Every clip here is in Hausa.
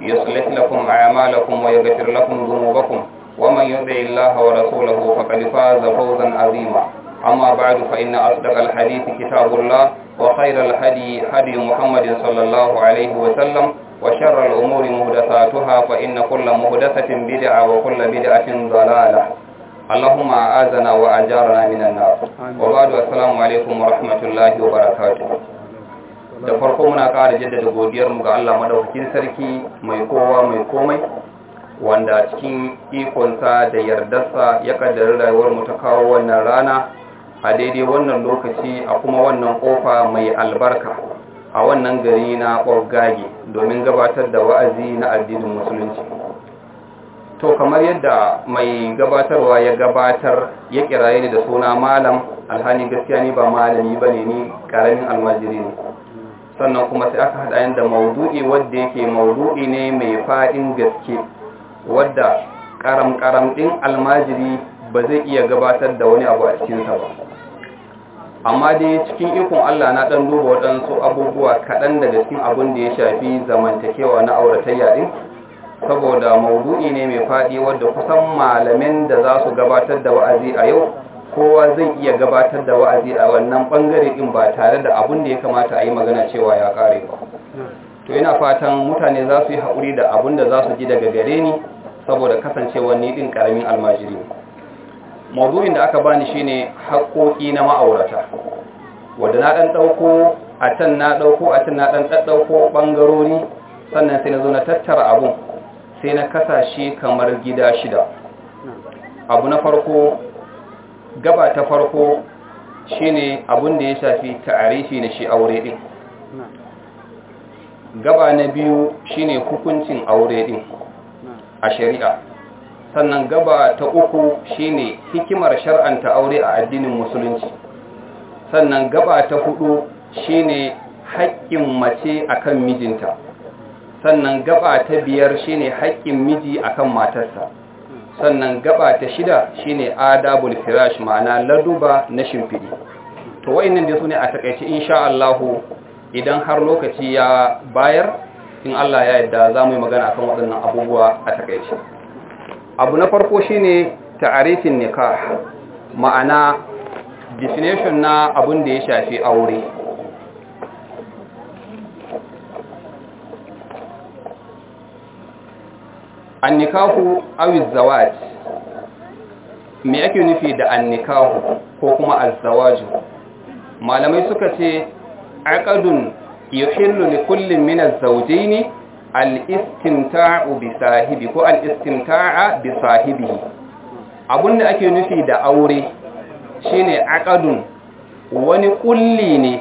يصلح لكم أعمالكم ويغفر لكم ذنوبكم ومن يطع الله ورسوله فقد فاز فوزا عظيما أما بعد فإن أصدق الحديث كتاب الله وخير الهدي هدي محمد صلى الله عليه وسلم وشر الأمور مهدساتها فإن كل مهدسة بدعة وكل بدعة ضلالة اللهم أعاذنا وأجارنا من النار وبعد السلام عليكم ورحمة الله وبركاته da farko muna kara jaddada godiyarmu ga Allah madaukakin sarki mai kowa mai komai wanda cikin ikonsa da yardarsa ya rayuwar rayuwarmu ta kawo wannan rana a daidai wannan lokaci a kuma wannan kofa mai albarka a wannan gari na ɓorgage domin gabatar da wa'azi na addinin musulunci to kamar yadda mai gabatarwa ya gabatar ya kiraye ni da suna malam Alhani gaskiya ni ba malami bane ni karamin almajiri ne sannan kuma sai aka haɗa da maudu'i wanda yake maudu'i ne mai fa'in gaske wadda karam karam din almajiri ba zai iya gabatar da wani abu a cikin ba amma dai cikin ikon Allah na dan duba waɗansu abubuwa kaɗan daga cikin abin da ya shafi zamantakewa na auratayya din saboda maudu'i ne mai faɗi wadda kusan malamin da za su gabatar da wa'azi a yau kowa zai iya gabatar da wa'azi a wannan bangare din ba tare da abun da ya kamata a yi magana cewa ya kare ba to ina fatan mutane za su yi haƙuri da abun da za su ji daga gare ni saboda kasancewa ni din karamin almajiri mawdu'in da aka bani shine haƙoƙi na ma'aurata wanda na dan dauko a can na dauko a can na dan ɗauko bangarori sannan sai na zo na tattara abun sai na kasashe kamar gida shida abu na farko gaba ta farko shine abin da ya shafi ta'arifi na shi aure din gaba na biyu shine hukuncin aure din a shari'a sannan gaba ta uku shine hikimar shar'anta aure a addinin musulunci sannan gaba ta hudu shine haƙƙin mace akan mijinta sannan gaba ta biyar shine haƙƙin miji akan matarsa sannan gaba ta shida shine adabul firash ma'ana laduba na shimfidi to wayannan da su ne a takaice insha Allah idan har lokaci ya bayar in Allah ya yarda za mu yi magana akan waɗannan abubuwa a takaice abu na farko shine ta'arifin nikah ma'ana definition na abun da ya shafi aure annikahu awiz zawaj me yake nufi da annikahu ko kuma azzawaju malamai suka ce aqadun yuhillu li kullin min az al-istimta'u bi sahibi ko al-istimta'a bi abunda ake nufi da aure shine aqadun wani kulli ne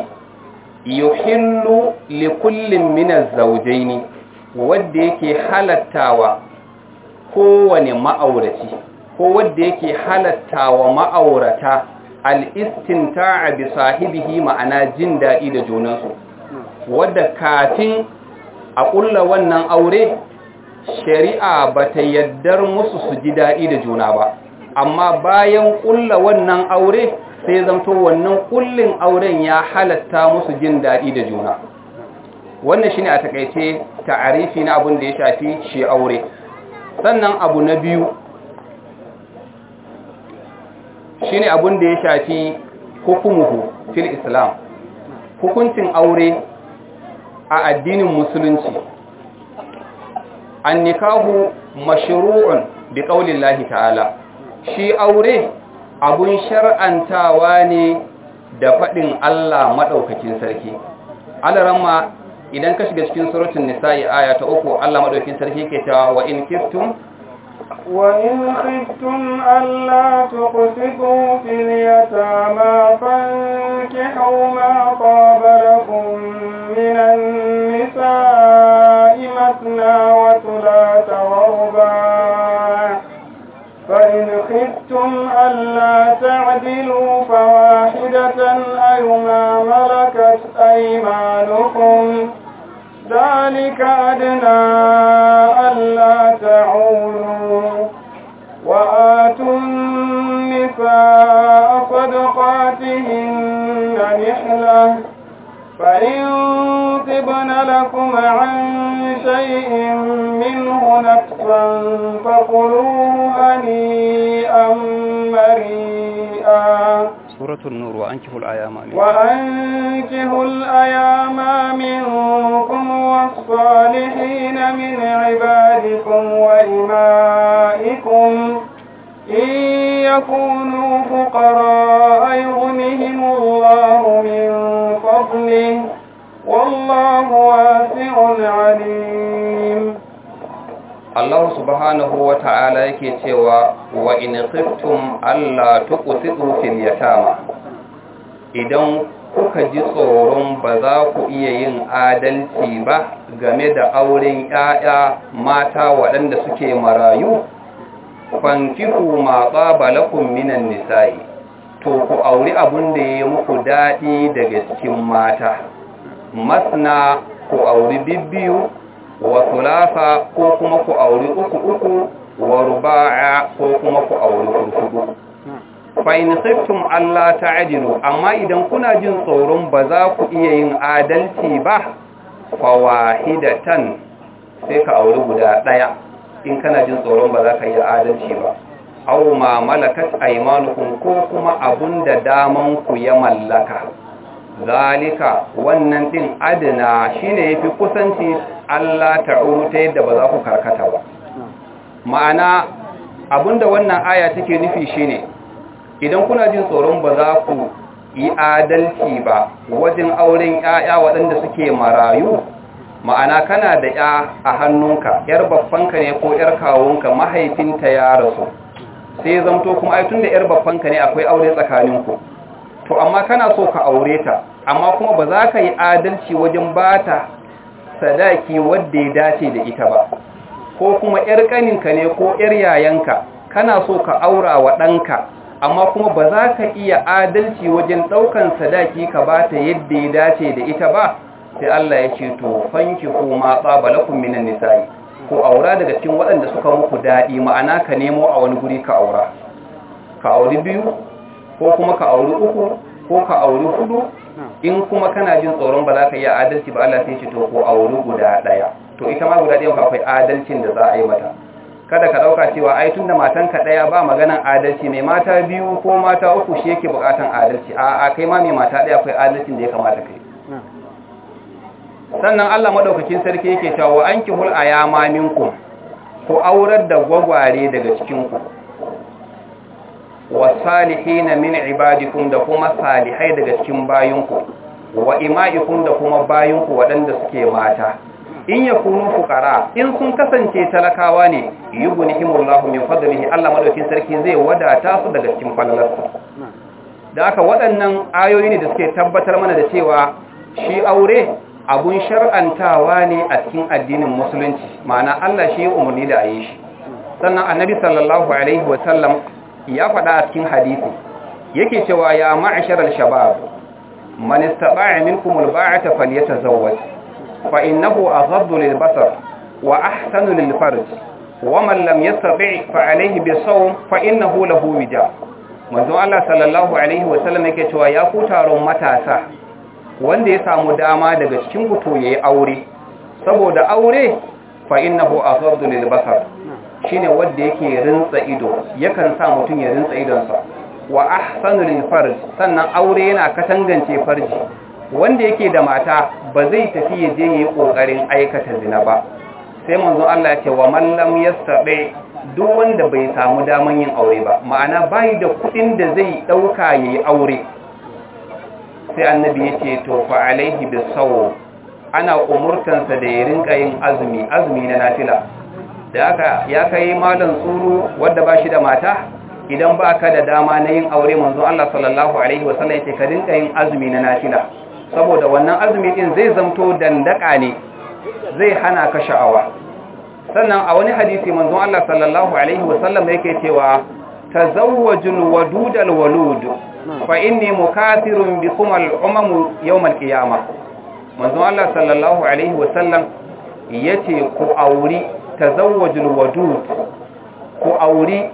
yuhillu li kullin min az wanda yake halattawa kowane ma'aurati ko wanda yake halatta wa ma'aurata al'istinta'a bi sahibihi ma'ana jin daɗi da junansu wanda kafin a ƙulla wannan aure shari'a ba ta yaddar musu su ji daɗi da juna ba amma bayan ƙulla wannan aure sai zamto wannan ƙullin auren ya halatta musu jin daɗi da juna wannan shine a takaice ta'arifi na abin da ya shafi shi aure sannan abu na biyu shi ne abin da ya shafi hukumuhu fil islam hukuncin aure a addinin musulunci an nikahu mashru'un bi ƙaunin lahi ta'ala shi aure abun shar'antawa ne da faɗin Allah maɗaukakin sarki alarama idan ka shiga cikin suratul nisa'i aya ta uku Allah madaukin sarki yake cewa wa in kiftum wa in khiftum alla tuqsitu fil yatama fankihu ma taba lakum min an-nisa'i mathna wa thalatha wa ruba fa in khiftum alla ta'dilu fawahidatan ayyuma malakat aymanukum ذلك أدنى ألا تعولوا وآتوا النساء صدقاتهن نحلة فإن طبن لكم عن شيء منه نفسا فقلوه هنيئا مريئا سورة النور وأنكه الأيام وأنكه الأيام subhanahu wa ta'ala yake cewa wa in khiftum alla tuqsitu fil yatama idan kuka ji tsoron ba za ku iya yin adalci ba game da auren 'ya'ya mata waɗanda suke marayu fankihu ma qabalakum minan nisa'i to ku auri abun da yayi muku daɗi daga cikin mata masna ku auri bibiyu. wa thulatha ko kuma ku auri uku uku wa ruba'a ko kuma ku auri Kurkuku. fa in ta alla ta'dilu amma idan kuna jin tsoron ba za ku iya yin adalci ba fa wahidatan sai ka auri guda daya in kana jin tsoron ba za ka yi adalci ba aw ma malakat aymanukum ko kuma abunda daman ku ya mallaka zalika wannan din adana shine yafi kusanci Allah ta'uru ta yadda ba za ku karkata ba ma'ana abinda wannan aya take nufi shine idan kuna jin tsoron ba za ku yi adalci ba wajen auren 'ya'ya waɗanda suke marayu ma'ana kana da ya a hannunka yar babbanka ne ko yar kawunka mahaifinta ya rasu sai zanto kuma ai tunda yar babbanka ne akwai aure tsakaninku to amma kana so ka aure ta amma kuma ba za ka yi adalci wajen ba ta sadaki wadda ya dace da ita ba ko kuma 'yar ka ne ko 'yar yayanka kana so ka aura wa ɗanka amma kuma ba za ka iya adalci wajen ɗaukan sadaki ka ba ta yadda ya dace da ita ba sai Allah ya ce to fanki ko ma tsabalakun minan nisa'i ko aura daga cikin waɗanda suka muku daɗi ma'ana ka nemo a wani guri ka aura ka auri biyu ko kuma ka auri uku ko ka auri hudu in kuma kana jin tsoron ba za ka yi adalci ba Allah sai ce to ko auri guda daya to ita ma guda daya akwai adalcin da za a yi mata kada ka ɗauka cewa ai tun tunda ka ɗaya ba maganan adalci mai mata biyu ko mata uku shi yake bukatan adalci A'a kai ma mai mata ɗaya akwai adalcin da ya kamata kai sannan Allah madaukakin sarki yake cewa wa ankihul ayama minkum ku aurar da gwagware daga cikin ku wa salihina min ibadikum da kuma salihai daga cikin bayinku wa ima'ikum da kuma bayinku waɗanda suke mata in ya kunu fukara in sun kasance talakawa ne yughnihimullahu min fadlihi Allah madaukin sarki zai wadata su daga cikin falalarsa da aka waɗannan ayoyi ne da suke tabbatar mana da cewa shi aure abun shar'antawa ne a cikin addinin musulunci ma'ana Allah shi ya umarni da a yi shi sannan annabi sallallahu alaihi wa sallam ya faɗa a cikin hadisi yake cewa ya al shabab man istaba'a minkum al-ba'ata falyatazawwaj fa innahu aghaddu lilbasar wa ahsanu lil-farj wa man lam yastati' fa alayhi bisawm fa innahu lahu wija manzo Allah sallallahu alaihi wa sallam yake cewa ya ku taron matasa wanda ya samu dama daga cikin ku to yayi aure saboda aure fa innahu aghaddu lilbasar shine wanda yake rintsa ido yakan sa mutum ya rintsa idonsa wa ahsanul farj sannan aure yana katangance farji wanda yake da mata ba zai tafi ya je yayi kokarin aikata zina ba sai manzo Allah ya ce wa man lam yastabi duk wanda bai samu daman yin aure ba ma'ana bai da kudin da zai dauka yayi aure sai annabi ya ce to fa alaihi bisaw ana umurtansa da ya rinka yin azumi azumi na nafila da haka ya kai malam tsoro wanda ba shi da mata idan ba ka da dama na yin aure manzo Allah sallallahu alaihi wasallam ce ka dinka yin azumi na nafila saboda wannan azumi din zai zamto dandaka ne zai hana ka sha'awa sannan a wani hadisi manzo Allah sallallahu alaihi wasallam yake cewa tazawwajul wadudal walud fa inni mukathirun bikum al'umam yawm al-qiyamah manzo Allah sallallahu alaihi wasallam yace ku auri tazawwajul wadud ku auri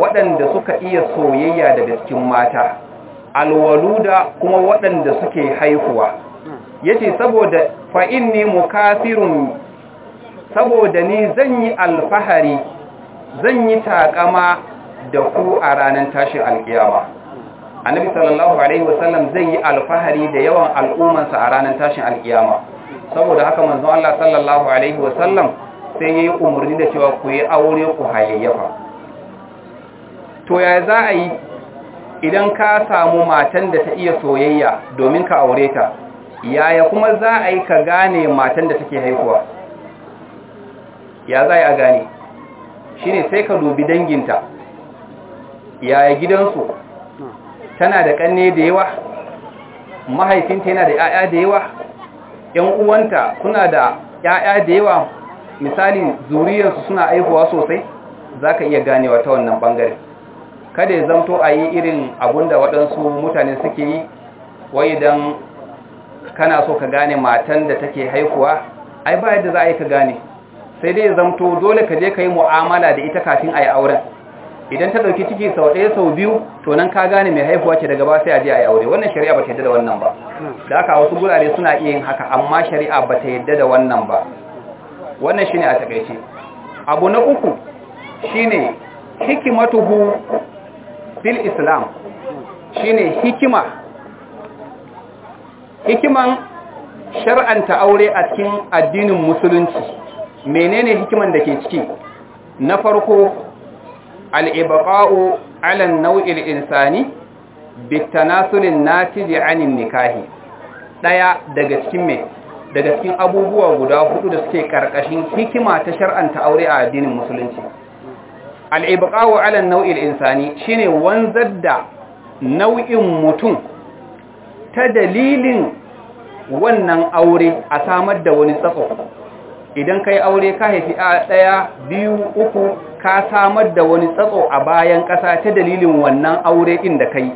waɗanda suka iya soyayya da cikin mata alwaluda kuma waɗanda suke haihuwa yace saboda fa inni mukathirun saboda ni zan yi alfahari zan yi takama da ku a ranar tashin alkiyama annabi sallallahu alaihi wasallam zai yi alfahari da yawan al'ummarsa a ranar tashin alkiyama saboda haka manzon Allah sallallahu alaihi wasallam sai ya yi umarni da cewa ku yi aure ku hayayyafa to ya za a yi idan ka samu matan da ta iya soyayya domin ka aure ta yaya kuma za a yi ka gane matan da take haihuwa ya za a gane shi ne sai ka dubi danginta yaya gidansu tana da ƙanne da yawa mahaifinta yana da 'ya'ya da yawa 'yan uwanta suna da 'ya'ya da yawa misali zuriyarsu suna aihuwa sosai za ka iya ganewa ta wannan bangare kada ya zamto a yi irin abun da waɗansu mutane suke yi wai idan kana so ka gane matan da take haihuwa ai ba yadda za a yi ka gane sai dai ya zamto dole ka je ka yi mu'amala da ita kafin a yi auren idan ta ɗauki ciki sau ɗaya sau biyu to nan ka gane mai haihuwa ce daga ba sai a je a yi aure wannan shari'a ba ta yadda da wannan ba da haka wasu gurare suna iya yin haka amma shari'a ba ta yadda da wannan ba wannan shine a takaice abu na uku shine hikimatuhu fil islam shine hikima hikiman shar'anta aure a cikin addinin musulunci menene hikiman da ke ciki na farko al al'an 'ala an insani bitanasulin natiji anin nikahi daya daga cikin mai daga cikin abubuwa guda hudu da suke ƙarƙashin hikima ta shar'anta aure a addinin musulunci al'ibqa'u 'ala an-naw'il insani shine wanzar da nau'in mutum ta dalilin wannan aure a samar da wani tsako idan kai aure ka haifi a ɗaya biyu uku ka samar da wani tsatso a bayan ƙasa ta dalilin wannan aure inda kai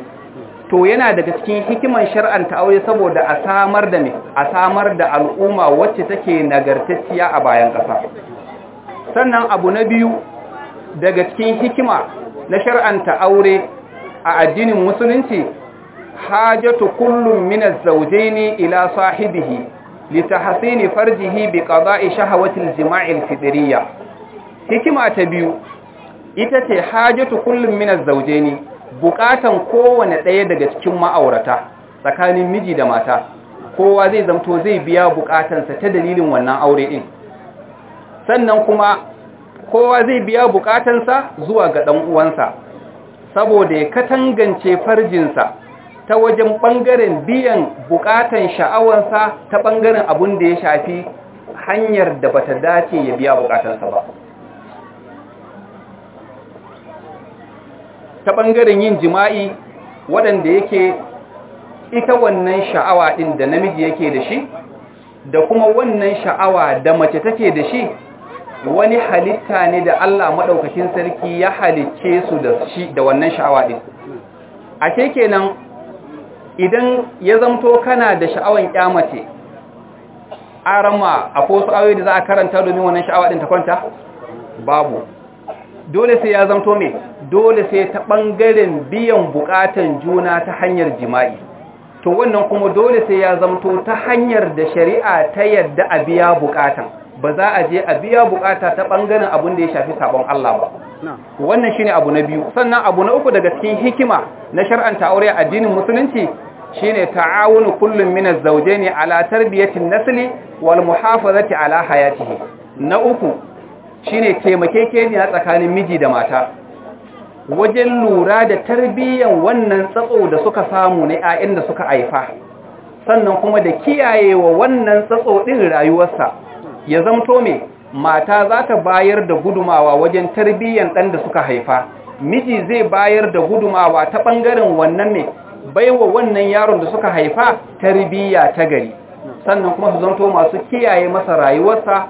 to yana daga cikin hikiman shar'anta aure saboda a samar da me a samar da al'umma wacce take nagartacciya a bayan ƙasa sannan abu na biyu daga cikin hikima na shar'anta aure a addinin musulunci hajatu kullum min az-zawjayn ila sahibihi litahsin farjihi bi qada'i shahawati al-jima'i al-fitriyya hikima ta biyu ita ce hajatu kullum min az-zawjayn Buƙatan kowane ɗaya daga cikin ma'aurata tsakanin miji da mata kowa zai zamto zai biya bukatansa ta dalilin wannan aure ɗin, sannan kuma kowa zai biya buƙatansa zuwa ga ɗan'uwansa, saboda ya katangance farjinsa ta wajen ɓangaren biyan buƙatan sha'awansa ta ɓangaren abin da ya shafi hanyar da bata dace ya biya buƙatansa ba ta ɓangaren yin jima'i waɗanda yake ita wannan sha'awa ɗin da namiji yake da shi da kuma wannan sha'awa da mace take da shi wani halitta ne da Allah maɗaukakin sarki ya halicce su da shi da wannan sha'awa ɗin a nan idan ya zamto kana da sha'awan ƙyamace rama a kosu awai da za a karanta domin wannan sha'awa ɗin ta kwanta babu dole sai ya zamto mai dole sai ta ɓangaren biyan buƙatan juna ta hanyar jima'i to wannan kuma dole sai ya zamto ta hanyar da shari'a ta yadda a biya buƙatan ba za a je a biya buƙata ta ɓangaren abin da ya shafi sabon Allah ba wannan shine abu na biyu sannan abu na uku daga cikin hikima na shar'anta aure a addinin musulunci shine ta'awunu kullum min az-zawjayn ala tarbiyati an-nasli wal muhafazati ala hayatihi na uku shine taimakekeniya tsakanin miji da mata wajen lura da tarbiyyan wannan tsatso da suka samu na 'ya'yan da suka haifa sannan kuma da kiyaye wa wannan tsatso ɗin rayuwarsa ya zamto mai mata za ta bayar da gudumawa wajen tarbiyyar ɗan da suka haifa miji zai bayar da gudumawa ta ɓangaren wannan mai wa wannan yaron da suka haifa tarbiyya ta gari sannan kuma su zanto masu kiyaye masa rayuwarsa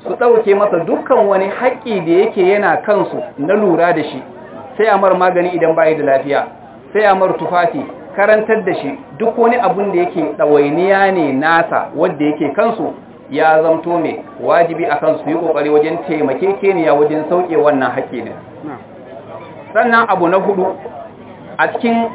su ɗauke masa dukkan wani haƙƙi da yake yana kansu na lura da shi sai a mar magani idan ba da lafiya sai a mar tufafi karantar da shi duk wani abun da yake ɗawainiya ne nasa wadda yake kansu ya zamto mai wajibi a kansu yi ƙoƙari wajen taimake keniya wajen sauƙe wannan haƙƙi ne sannan abu na hudu a cikin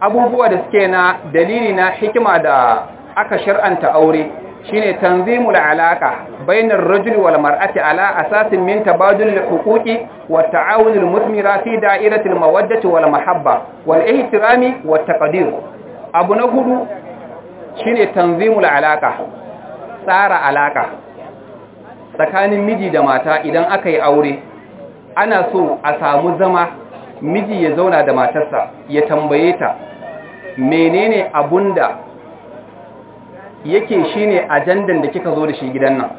abubuwa da suke na dalili na hikima da aka shar'anta aure shine tanzimul alaka bainar rajul wal mar'ati ala asasin min tabadul huquqi wa ta'awun al fi da'iratil mawaddati wal mahabba wal ihtirami wat taqdir abu na hudu shine tanzimul alaka tsara alaka tsakanin miji da mata idan aka yi aure ana so a samu zama miji ya zauna da matarsa ya tambaye ta menene abunda yake shine ajandan da kika zo da shi gidan nan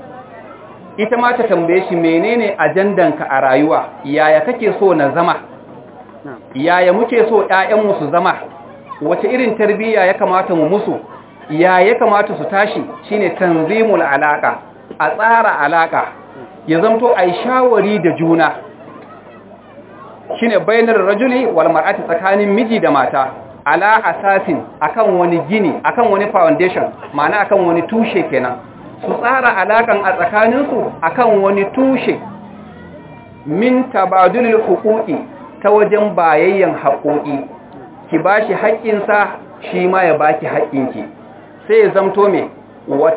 ita ma ta tambaye shi menene ajandanka a rayuwa yaya kake so na zama yaya muke so mu su zama wace irin tarbiyya ya kamata mu musu ya ya kamata su tashi shine tanzimul alaƙa. a tsara alaƙa. ya zamto ai shawari da juna shine bainar rajuli wal mar'ati tsakanin miji da mata ala asasin akan wani gini akan wani foundation ma'ana akan wani tushe kenan su tsara alakan a tsakaninsu akan wani tushe min tabadulul huquqi ta wajen bayayyan haƙoƙi ki bashi haƙƙinsa shi ma ya baki haƙƙinki sai ya zamto me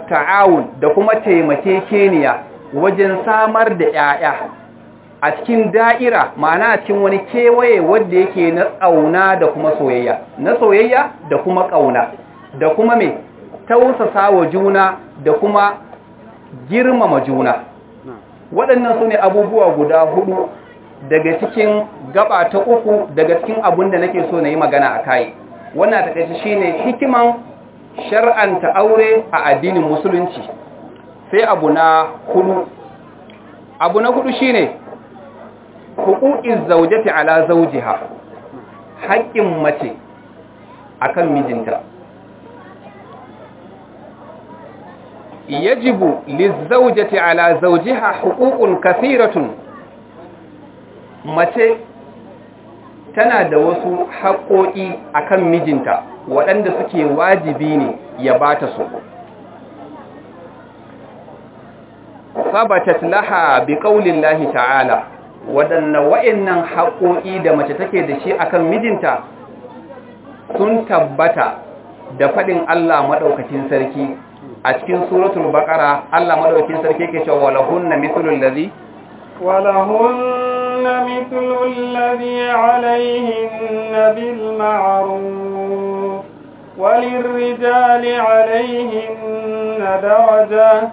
ta'awun da kuma taimake keniya wajen samar da 'ya'ya a cikin da'ira ma'ana a cikin wani kewaye wanda yake na tsauna da kuma soyayya na soyayya da kuma ƙauna da kuma mai tausasa wa juna da kuma girmama juna waɗannan su ne abubuwa guda hudu daga cikin gaba ta uku daga cikin abin da nake so na yi magana a kai wannan ta ƙashi shi ne hikiman shar'anta aure a addinin musulunci sai abu na hudu abu na hudu shi ne hukukin zaujati ala zaujiha haƙƙin mace akan mijinta yajibu lizawjati ala zaujiha hukukun kathiratun mace tana da wasu haƙoƙi akan mijinta waɗanda suke wajibi ne ya bata su sabatat laha bi ta'ala waɗanne wa'annan haƙoƙi da mace take da shi a kan mijinta sun tabbata da faɗin Allah maɗaukacin sarki a cikin suratul baƙara Allah maɗaukacin sarki ke cewa walahunna mithlul ladhi walahunna alaihin وللرجال عليهن درجة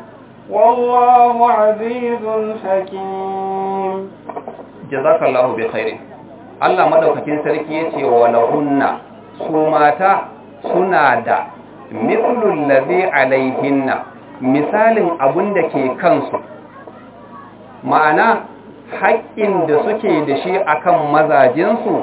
والله عزيز حكيم jazakallahu bi khairin Allah madaukakin sarki yace wa lahunna su mata suna da mithlul ladhi alaihinna misalin abunda ke kansu ma'ana haƙƙin da suke da shi akan mazajinsu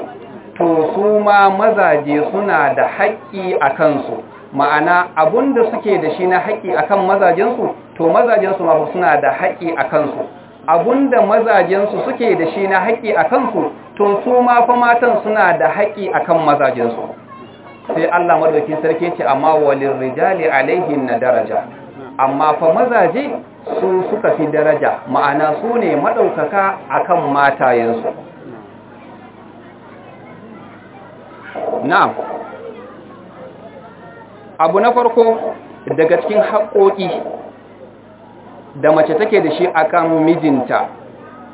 to su ma mazaje suna da haƙƙi a kansu ma'ana abun da suke da shi na haƙƙi akan mazajinsu to mazajinsu ma suna da haƙƙi a kansu abunda mazajensu suke da shi na haƙƙi a kansu tun su ma fa matan suna da haƙƙi a kan mazajensu sai Allah maɗauki sarki ce amma walin rijali alaihin na daraja amma fa mazaje su suka fi daraja ma'ana su ne maɗaukaka a kan matayensu na'am abu na farko daga cikin haƙƙoƙi. da mace take da shi akan mijinta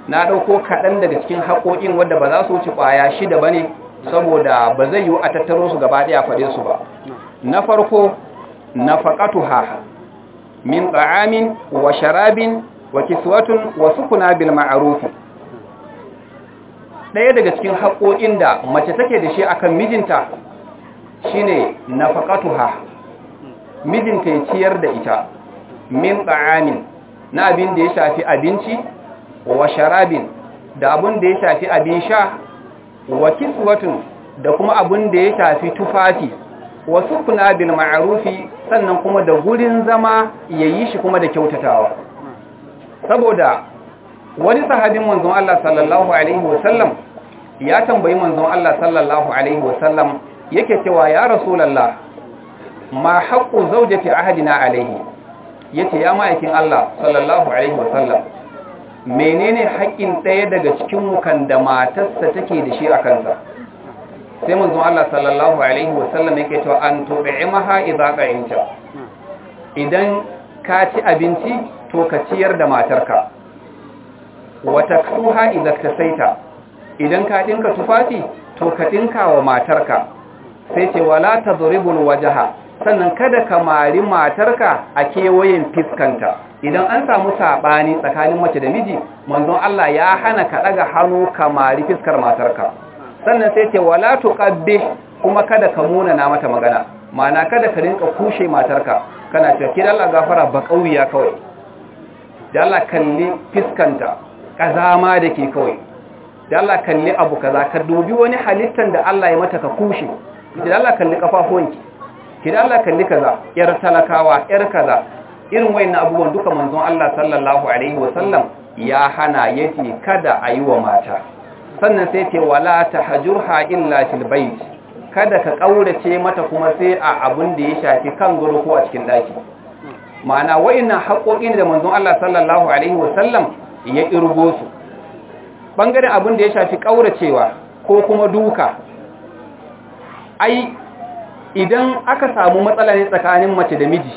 na ɗauko kaɗan daga cikin haƙoƙin wadda ba za su wuce ƙwaya shida ba ne saboda ba zai yi a tattaro su gaba ɗaya faɗe su ba na farko na faƙatu ha min ɗa'amin wa sharabin wa kiswatun wa sukuna bil ma'arufi ɗaya daga cikin haƙoƙin da mace take da shi akan mijinta shine na faƙatu ha mijinta ya ciyar da ita min ɗa'amin na abin da ya shafi abinci wa sharabin da abin da ya shafi abin sha wa kiswatun da kuma abin da ya shafi tufafi wa sukuna bil ma'arufi sannan kuma da gurin zama yayi shi kuma da kyautatawa saboda wani sahabin manzon Allah sallallahu alaihi wasallam ya tambayi manzon Allah sallallahu alaihi wasallam yake cewa ya rasulullah ma haqqu zawjati ahadina alaihi ya ce ya ma'aikin Allah sallallahu Alaihi wasallam menene haƙƙin ɗaya daga cikin mukan da matarsa take da shi a kansa sai mun Allah sallallahu Alaihi wasallam ya ke cewa an tobe maha izaƙa yanci idan ka ci abinci to ka ciyar da matarka wata tuha idan saita idan ka ɗinka tufafi to ka ɗinka wa matarka sai ce wala ta zuribul wajaha sannan kada ka mari matarka a kewayen fiskanta idan an samu saɓani tsakanin mace da miji manzon Allah ya hana ka ɗaga hannu ka mari fiskar matarka sannan sai ce wala tuqabbi kuma kada ka muna na mata magana mana kada ka rinka kushe matarka kana cewa ki Allah gafara ba kauya kawai da Allah kalli fiskanta kazama dake kawai da Allah kalli abu kaza ka dubi wani halittan da Allah ya mata ka kushe da Allah kalli kafafuwanki ki da Allah kalli kaza yar talakawa yar kaza irin wayannan abubuwan duka manzon Allah sallallahu alaihi sallam ya hana yace kada a yi wa mata sannan sai ce wala tahjurha illa fil bait kada ka kaurace mata kuma sai a abun da ya shafi kan gado ko a cikin daki ma'ana wayannan haƙoƙin da manzon Allah sallallahu alaihi sallam ya irgo su bangaren abun da ya shafi kauracewa ko kuma duka ai idan aka samu matsala ne tsakanin mace da miji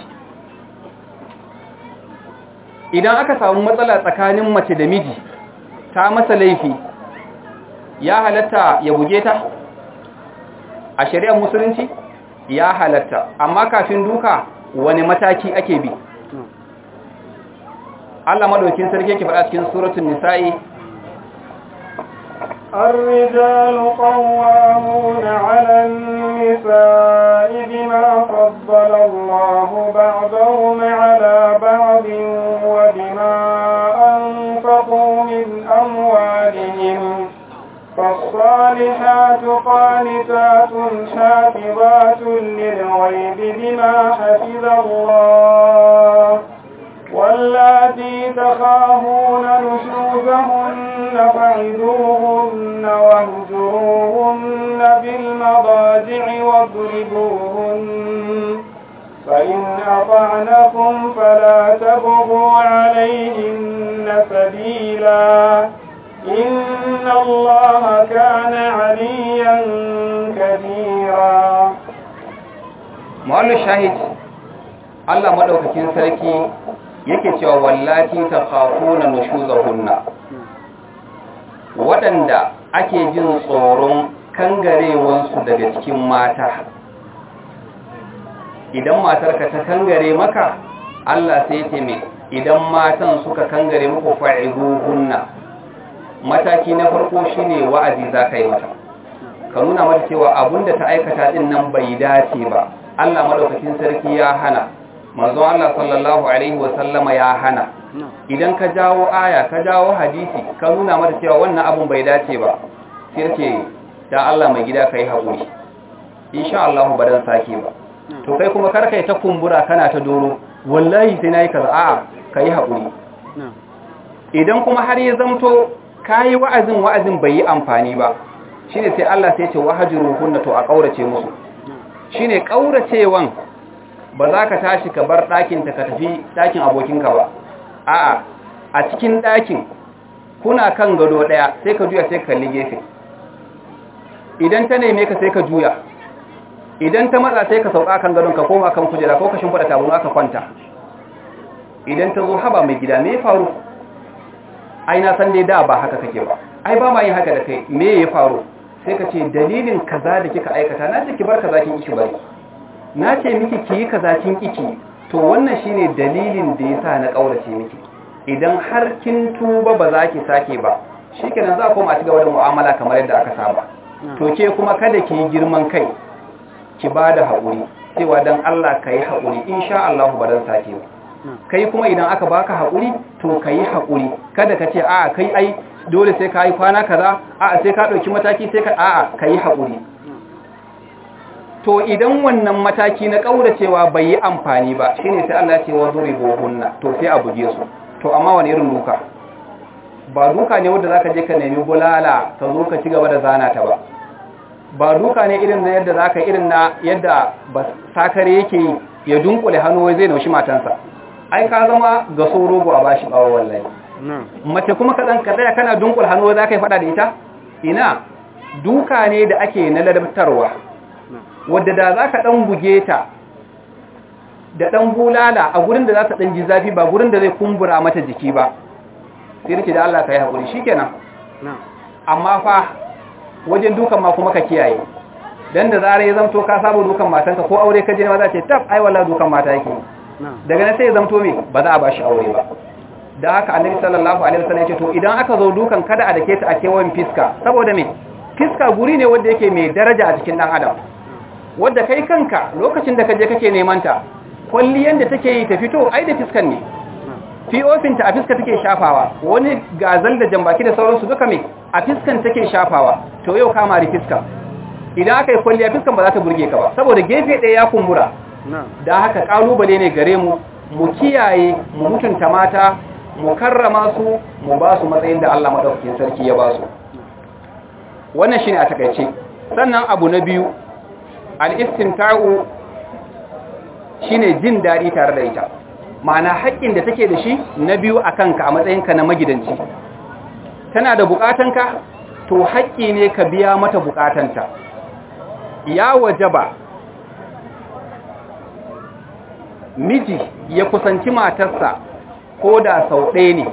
idan aka samu matsala tsakanin mace da miji ta masa laifi ya halatta ya buge ta a shari'ar musulunci ya halatta amma kafin duka wani mataki ake bi hmm. Allah madaukin sarki ke faɗa cikin suratun nisa'i الرجال قوامون على النساء بما فضل الله بعضهم على بعض وبما أنفقوا من أموالهم فالصالحات قانتات حافظات للغيب بما حفظ الله واللاتي تخافون نشوزهن فعذوهن واهجروهن بالمضاجع واضربوهن فإن أطعنكم فلا تبغوا عليهن سبيلا إن الله كان عليا كثيرا مؤلف شاهد الله مدوكاكين سركي yake cewa wallati nushuza hunna waɗanda ake jin tsoron kangarewansu daga cikin mata idan matarka ta kangare maka Allah sai ce mai idan matan suka kangare muku hunna mataki na farko shine wa'azi za ka yi mata ka nuna mata cewa abinda ta aikata din nan bai dace ba Allah madaukakin sarki ya hana manzo Allah sallallahu alaihi wa sallama ya hana idan ka jawo aya ka jawo hadisi ka nuna mata cewa wannan abun bai dace ba sai da Allah mai gida kai hakuri insha Allah ba dan sake ba to kai kuma kar kai ta kumbura kana ta doro wallahi sai nayi kaza a'a kai hakuri idan kuma har ya zamto kayi wa'azin wa'azin bai yi amfani ba shine sai Allah sai ya ce wahajuru kunna to a ƙaurace musu shine ƙauracewan. ba za ka tashi ka bar ɗakinta ka tafi ɗakin abokinka ba a'a a cikin ɗakin kuna kan gado ɗaya sai ka juya sai ka kalli gefe idan ta neme ka sai ka juya idan ta matsa sai ka sauka kan gadon ka koma kan kujera ko ka shimfiɗa tabarma ka kwanta idan ta zo haba mai gida me ya faru ai na san dai da ba haka kake ba ai ba ma yin haka da kai me ya faru sai ka ce dalilin kaza da kika aikata na ce ki bar kaza kin ki bari na ce miki ki yi kaza kin kiki to wannan shine dalilin da yasa na kaurace miki idan har kin tuba ba za ki sake ba shikenan za ku ma ci gaba da mu'amala kamar yadda aka saba to ke kuma kada ki yi girman kai ki ba da haƙuri cewa don Allah ka yi haƙuri insha Allah ba don sake ba kai kuma idan aka baka haƙuri to ka yi haƙuri kada ka ce a'a kai ai dole sai ka yi kwana kaza a'a sai ka ɗauki mataki sai ka a'a ka yi haƙuri to idan wannan mataki na kauracewa bai yi amfani ba shine sai Allah ce wa duribuhunna to sai a buge su to amma wani irin duka ba duka ne wanda zaka je ka nemi bulala ka zo ka ci gaba da zana ta ba ba duka ne irin na yadda zaka irin na yadda ba sakare yake yi ya dunkule hannu wai zai naushi matansa ai ka zama ga go a bashi bawa wallahi mace kuma ka dan tsaya kana dunkule hannu wai zaka yi fada da ita ina duka ne da ake na ladabtarwa wadda da za ka ɗan buge ta da ɗan bulala a gurin da za ta ɗan ji zafi ba gurin da zai kumbura mata jiki ba sai rike da Allah ka yi haƙuri shi kenan amma fa wajen dukan ma kuma ka kiyaye dan da zarar ya zamto ka saba dukan matanka ko aure ka je ba za ce taf, ai wala dukan mata yake daga nan sai ya zamto me ba za a ba shi aure ba da haka annabi sallallahu alaihi wasallam ya ce to idan aka zo dukan kada a dake ta a kewayen fiska saboda me fiska guri ne wanda yake mai daraja a cikin dan adam wadda kai kanka lokacin da kaje kake neman ta kwalliyan da take yi ta fito ai da fiskan ne ofin ta a fiska take shafawa wani gazal da jambaki da sauransu duka me a fiskan take shafawa to yau ka mari fiska idan aka yi kwalliya fiskan ba za ta burge ka ba saboda gefe ɗaya ya kumbura da haka kalubale ne gare mu mu kiyaye mu mutunta mata mu karrama su mu ba su matsayin da Allah madaukakin sarki ya ba su wannan shine a takaice sannan abu na biyu al shi ne jin daɗi tare da ita ma'ana haƙƙin da take da shi na biyu a kanka a matsayinka na magidanci tana da buƙatanka to haƙƙi ne ka biya mata buƙatanta ya waje ba. miji ya kusanci matarsa ko da sau ɗaya ne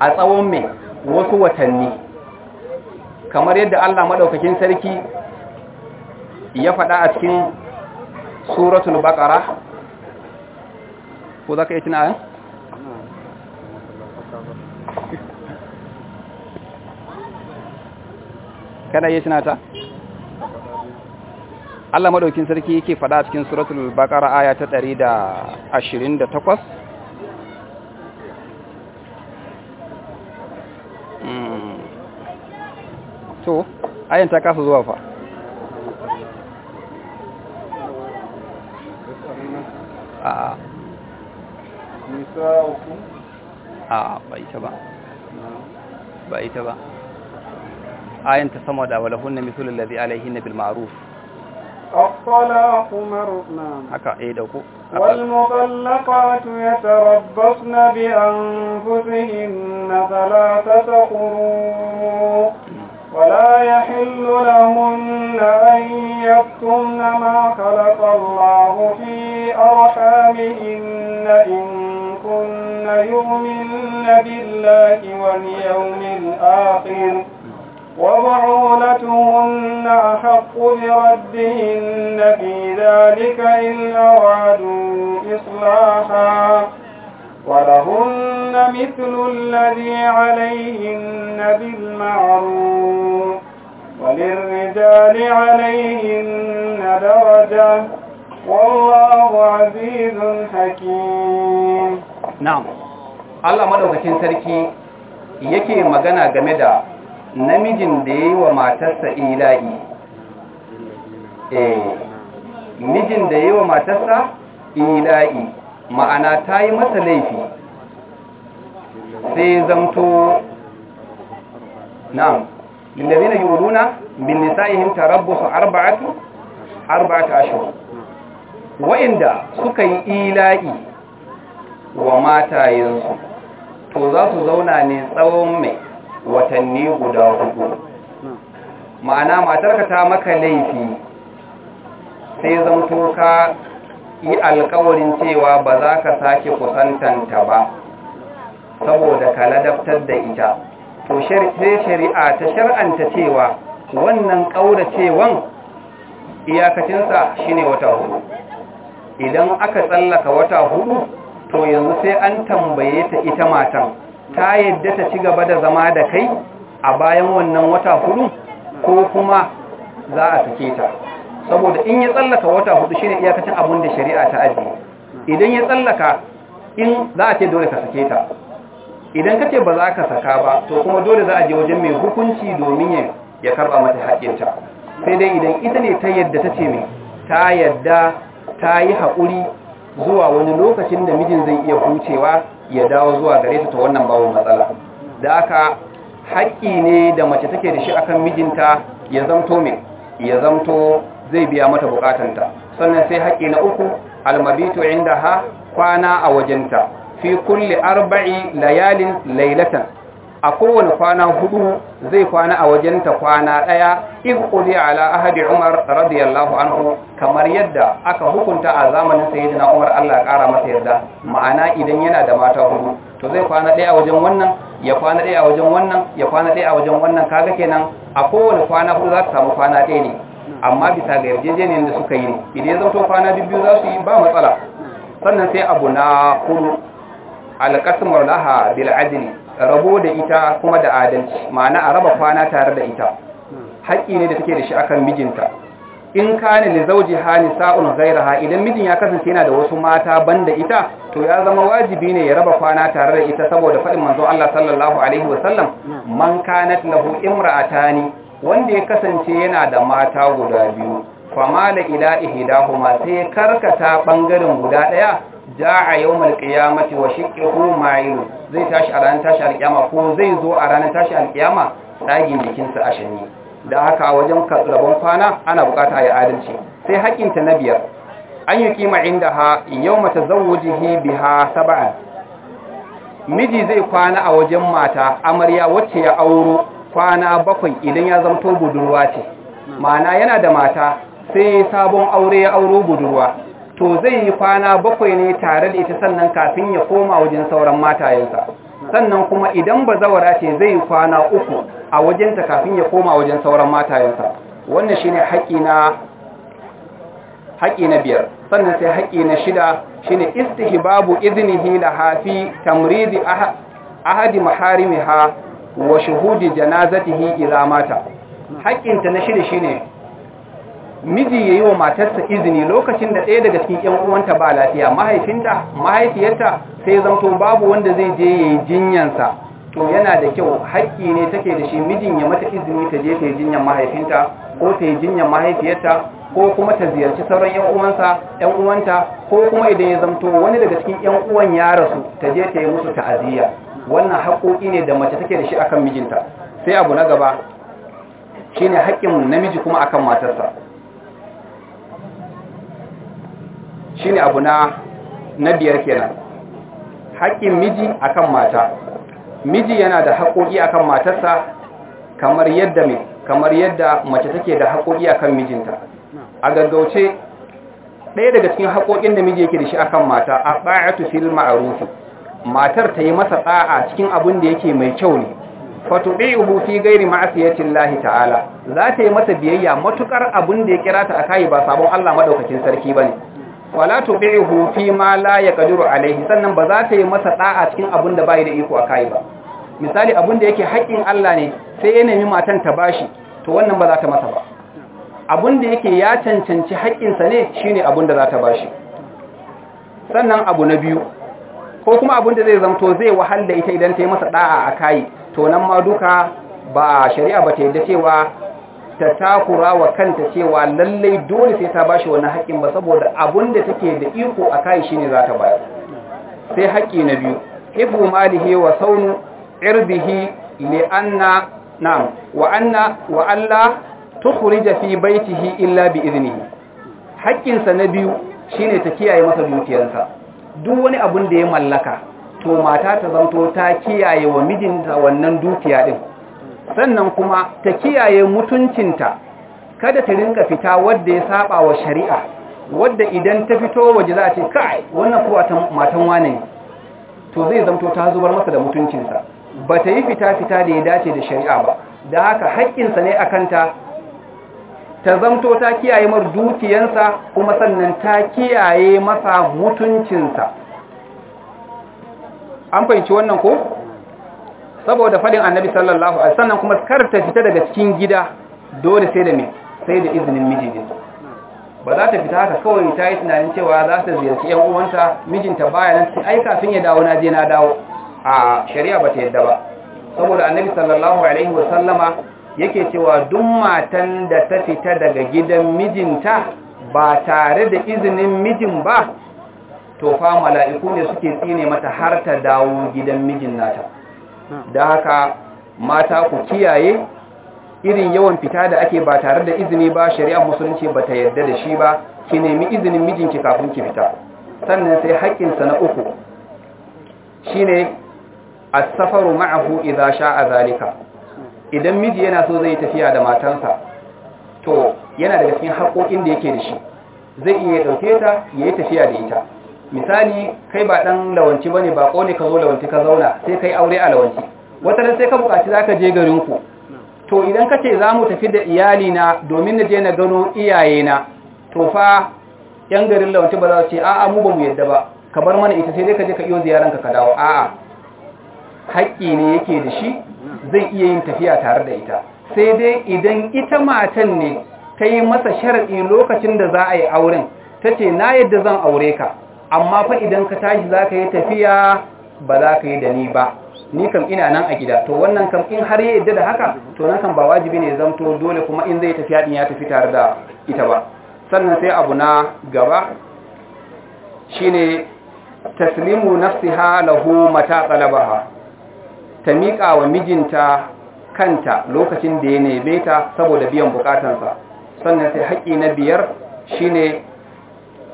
a tsawon mai wasu watanni kamar yadda Allah maɗaukakin sarki ya faɗa a cikin suratul baqara ko za ka yi tunayen? kada yi tunata? Allah maɗaukin sarki yake faɗa a cikin suratul baqara aya ta 128 hmm. to ayan ta kasa zuwa fa a nisa'ukum ba ita ba ba ita ba ta sama da walahunna mithlu alladhi alayhinna bil ma'ruf الطلاق مرنا haka eh dauko والمطلقات يتربصن بأنفسهن ثلاثة ولا يحل لهن أن يكتمن ما خلق الله في أرحامهن إن كن يؤمن بالله واليوم الآخر وبعولتهن أحق بردهن في ذلك إن أرادوا إصلاحا ولهن مثل الذي عليهن بالمعروف وللرجال عليهن درجة والله عزيز حكيم نعم Allah madaukakin sarki yake magana game da namijin da yi wa matarsa ila'i eh mijin da yi wa matarsa ila'i ma'ana ta yi masa laifi sai zamto na'am lillazina yuruna bin nisa'ihim tarabbusu arba'atu arba'atu ashhur wa'inda suka yi ila'i wa matayensu to za su zauna ne tsawon mai watanni guda hudu ma'ana matarka ta maka laifi sai zamto ka yi alkawarin cewa ba za ka sake kusantanta ba saboda ka ladabtar da ita to shari'a ta shar'anta cewa wannan ƙauracewan iyakacinsa shi ne wata hudu idan aka tsallaka wata hudu to yanzu sai an tambaye ta ita matan ta yadda ta ci gaba da zama da kai a bayan wannan wata hudu ko kuma za a sake ta saboda in ya tsallaka wata hudu shine iyakacin abun da shari'a ta aji. idan ya tsallaka in za a ce dole ka sake ta idan ka ce ba za ka saka ba to kuma dole za a je wajen mai hukunci domin ya karba mata haƙƙinta sai dai idan ita ne ta yadda ta ce mai ta yadda ta yi haƙuri zuwa wani lokacin da mijin zai iya hucewa ya dawo zuwa gare ta ta wannan babu matsala da aka haƙƙi ne da mace take da shi akan mijinta ya zamto mai ya zamto zai biya mata bukatanta sannan sai haƙi na uku almabitu inda ha kwana a wajenta fi kulli arba'i layalin lailatan a kowane kwana hudu zai kwana a wajenta kwana ɗaya. in kuli ala ahadi umar radiyallahu anhu kamar yadda aka hukunta a zamanin sayyidina umar Allah ƙara masa yadda. ma'ana idan yana da mata hudu to zai kwana ɗaya a wajen wannan ya kwana ɗaya a wajen wannan ya kwana ɗaya a wajen wannan kaga kenan a kowane kwana hudu za ta samu kwana ɗaya ne amma bisa ga yarjejeniyar da suka yi ne, idan ya zauto kwana biyu za su yi ba matsala sannan sai abu na kuru alƙasmar laha bil adli rabo da ita kuma da adalci ma'ana a raba kwana tare da ita haƙƙi ne da take da shi akan mijinta in kana li zawjiha nisa'un ghayraha idan mijin ya kasance yana da wasu mata banda ita to ya zama wajibi ne ya raba kwana tare da ita saboda faɗin manzo Allah sallallahu alaihi wasallam man kanat lahu imra'atani wanda ya kasance yana da mata guda biyu famala ila Kuma sai karkata bangaren guda daya ja'a yawmal qiyamati wa shiqquhu ma'ilu zai tashi a ranar tashi alkiyama ko zai zo a ranar tashi alkiyama tsagin jikinsa a shanye da haka wajen rabon kwana ana bukata ya adalci sai haƙinta na biyar an yi kima inda ha yau mata zawujihi biha saba'an miji zai kwana a wajen mata amarya wacce ya auro kwana bakwai idan ya zamto budurwa ce ma'ana yana da mata sai sabon aure ya auro budurwa to zai yi kwana bakwai ne tare da ita sannan kafin ya koma wajen sauran matayensa sannan kuma idan ba zawara ce zai yi kwana uku a wajenta kafin ya koma wajen sauran matayensa wannan shine haƙi na haƙi na biyar sannan sai haƙi na shida shine babu iznihi laha fi tamridi ahadi maharimiha wa shuhudi janazatihi idza mata ta na shida shine miji yayi wa matarsa izini lokacin da ɗaya daga cikin ƴan uwanta ba lafiya mahaifinta mahaifiyarta sai zanto babu wanda zai je yayi jinyansa to yana da kyau haƙƙi ne take da shi mijin ya mata izini ta je ta yi jinyan mahaifinta ko ta yi jinyan mahaifiyarta ko kuma ta ziyarci sauran ƴan uwansa ƴan uwanta ko kuma idan ya zanto wani daga cikin ƴan uwan ya rasu ta je ta yi musu ta'aziyya wannan haƙoƙi ne da mace take da shi akan mijinta sai abu na gaba shine haƙƙin namiji kuma akan matarsa shine abu na na biyar kenan haƙƙin miji akan mata miji yana da haƙoƙi akan matarsa kamar yadda mai kamar yadda mace take da haƙoƙi akan mijinta a gaggauce ɗaya daga cikin haƙoƙin da miji yake da shi akan mata a ba'atu fil ma'ruf matar ta yi masa tsa'a cikin abin da yake mai kyau ne fatubi'uhu fi ghairi ma'siyatin lahi ta'ala za ta yi masa biyayya matukar abin da ya kira ta akai ba sabon Allah madaukakin sarki bane wala tubi'uhu fi ma la yaqdiru alaihi sannan ba za ta yi masa ɗa'a cikin abin da bai da iko akai ba misali abin da yake haƙin Allah ne sai ya nemi matan ta bashi to wannan ba za ta masa ba abin da yake ya cancanci haƙin sa ne shine abin da za ta bashi sannan abu na biyu ko kuma abin da zai zamto zai wahala ita idan ta yi masa ɗa'a a kayi, to nan ma duka ba shari'a ba ta yadda cewa ta takura wa kanta cewa lallai dole sai ta bashi wani haƙƙin ba saboda abin da take da iko a kai shine za ta bayar sai haƙƙi na biyu hibu malihi wa saunu irdihi li anna na'am wa anna wa alla tukhrija fi baitihi illa bi idnihi haƙƙinsa na biyu shine ta kiyaye masa dukiyarsa duk wani abin da ya mallaka to mata ta zanto ta kiyaye wa mijinta wannan dukiya din sannan kuma ta kiyaye mutuncinta kada ta rinka fita wadda ya saba wa shari'a wadda idan ta fito waje za a ce kai wannan kuwa matan wane to zai zanto ta zubar masa da mutuncinsa ba ta yi fita-fita da ya dace da shari'a ba da haka haƙƙinsa ne a kanta ta zamto ta kiyaye mar dukiyansa kuma sannan ta kiyaye masa mutuncinsa an fahimci wannan ko saboda faɗin annabi sallallahu alaihi sannan kuma kar ta fita daga cikin gida dole sai da mai sai da izinin mijinin. ba za ta fita haka kawai ta yi tunanin cewa za ta ziyarci yan uwanta mijinta baya nan sai ai kafin ya dawo na je na dawo a shari'a ba ta yadda ba saboda annabi sallallahu alaihi wa sallama yake cewa duk matan da ta fita daga gidan mijinta ba tare da izinin mijin ba to fa mala'iku ne suke tsine mata har ta dawo gidan mijin nata da haka mata ku kiyaye irin yawan fita da ake ba tare da izini ba shari'ar musulunci ba ta yarda da shi ba ki nemi izinin mijinki kafin ki fita sannan sai haƙƙinsa na uku shine as-safaru ma'ahu idza sha'a zalika idan miji yana so zai tafiya da matansa to yana daga cikin haƙoƙin da yake da shi zai iya ɗauke ta ya yi tafiya da ita misali kai ba ɗan lawanci ba ne ba ƙone ka zo lawanci ka zauna sai kai aure a lawanci wata sai ka buƙaci za ka je garinku to idan ka ce za mu tafi da iyali na domin na je na gano iyayena to fa ƴan garin lawanci ba za su ce a'a mu ba mu yadda ba ka bar mana ita sai dai ka je ka iyo ziyaranka ka dawo a'a haƙƙi ne yake da shi zai iya yin tafiya tare da ita sai dai idan ita matan ne ta yi masa sharaɗi lokacin da za a yi auren ta ce na yadda zan aure ka amma fa idan ka tashi za ka yi tafiya ba za ka yi da ni ba ni kam ina nan a gida to wannan kam in har ya yadda da haka to nan kam ba wajibi ne zamto dole kuma in zai tafiya din ya tafi tare da ita ba sannan sai abu na gaba shine taslimu nafsiha lahu mata talabaha ta miƙa wa mijinta kanta lokacin da ya neme ta saboda biyan bukatansa sannan sai haƙƙi na biyar shine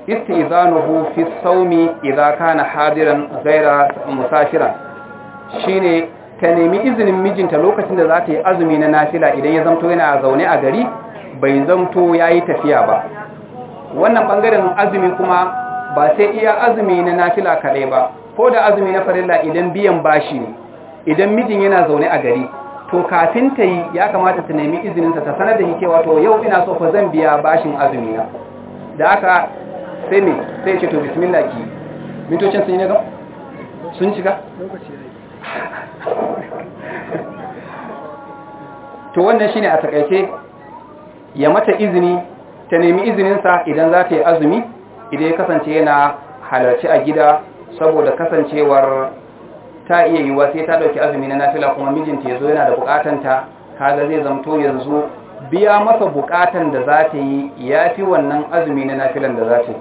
istizanuhu fi saumi idza kana hadiran ghaira musafira shine ta nemi izinin mijinta lokacin da za ta yi azumi na nafila idan ya zamto yana zaune a gari bai zamto yayi tafiya ba wannan bangaren azumi kuma ba sai iya azumi na nafila kaɗai ba ko da azumi na farilla idan biyan bashi ne idan mijin yana zaune a gari to kafin ta yi ya kamata ta nemi izininsa ta sanar da cewa to yau ina so fa zan biya bashin azumi na da aka sai ne sai ce to bismillah ki mintocin sun yi sun shiga to wannan shine a takaice ya mata izini ta nemi izininsa idan za ta yi azumi idan ya kasance yana halarci a gida saboda kasancewar ta iya yiwuwa sai ta dauki azumi na nafila kuma mijinta yazo yana da bukatan ta kaga zai zamto yanzu biya masa bukatan da za ta yi yafi wannan azumi na nafilan da za ta yi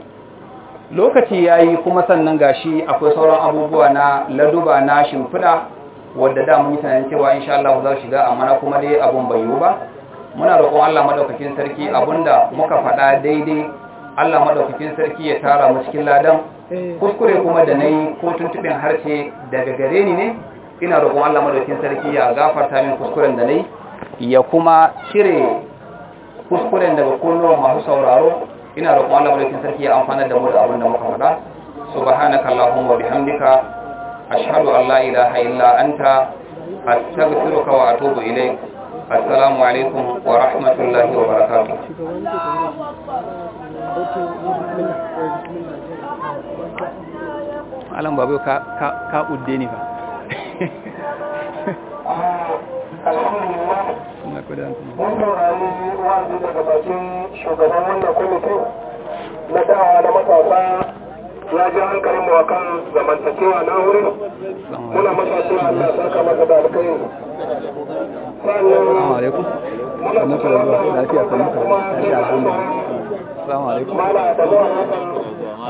lokaci yayi kuma sannan gashi akwai sauran abubuwa na laduba na shimfiɗa wadda da mun tunanin cewa insha Allah za su shiga amma na kuma dai abun bai yiwu ba muna roƙon Allah madaukakin sarki abinda muka faɗa daidai Allah madaukakin sarki ya tara mu cikin ladan Eh. kuskure kuma da na yi ko tuntuɓin harshe daga gare ni ne ina roƙon Allah madaukin sarki ya gafarta min kuskuren da na yi ya kuma cire kuskuren daga kullum masu sauraro ina roƙon Allah madaukin sarki ya amfana da mu da abin da muka faɗa subhanaka allahumma bihamdika ashhadu an la ilaha illa anta astaghfiruka wa atubu assalamu alaikum wa rahmatullahi wa barakatuh alam babu ka udde ni fa mun saurari wazi daga bakin shugaban wannan kwamiti na dawa da matasa ya ji hankalin mu akan zamantakewa na wuri muna masa cewa Allah ya saka da Assalamu alaikum. Assalamu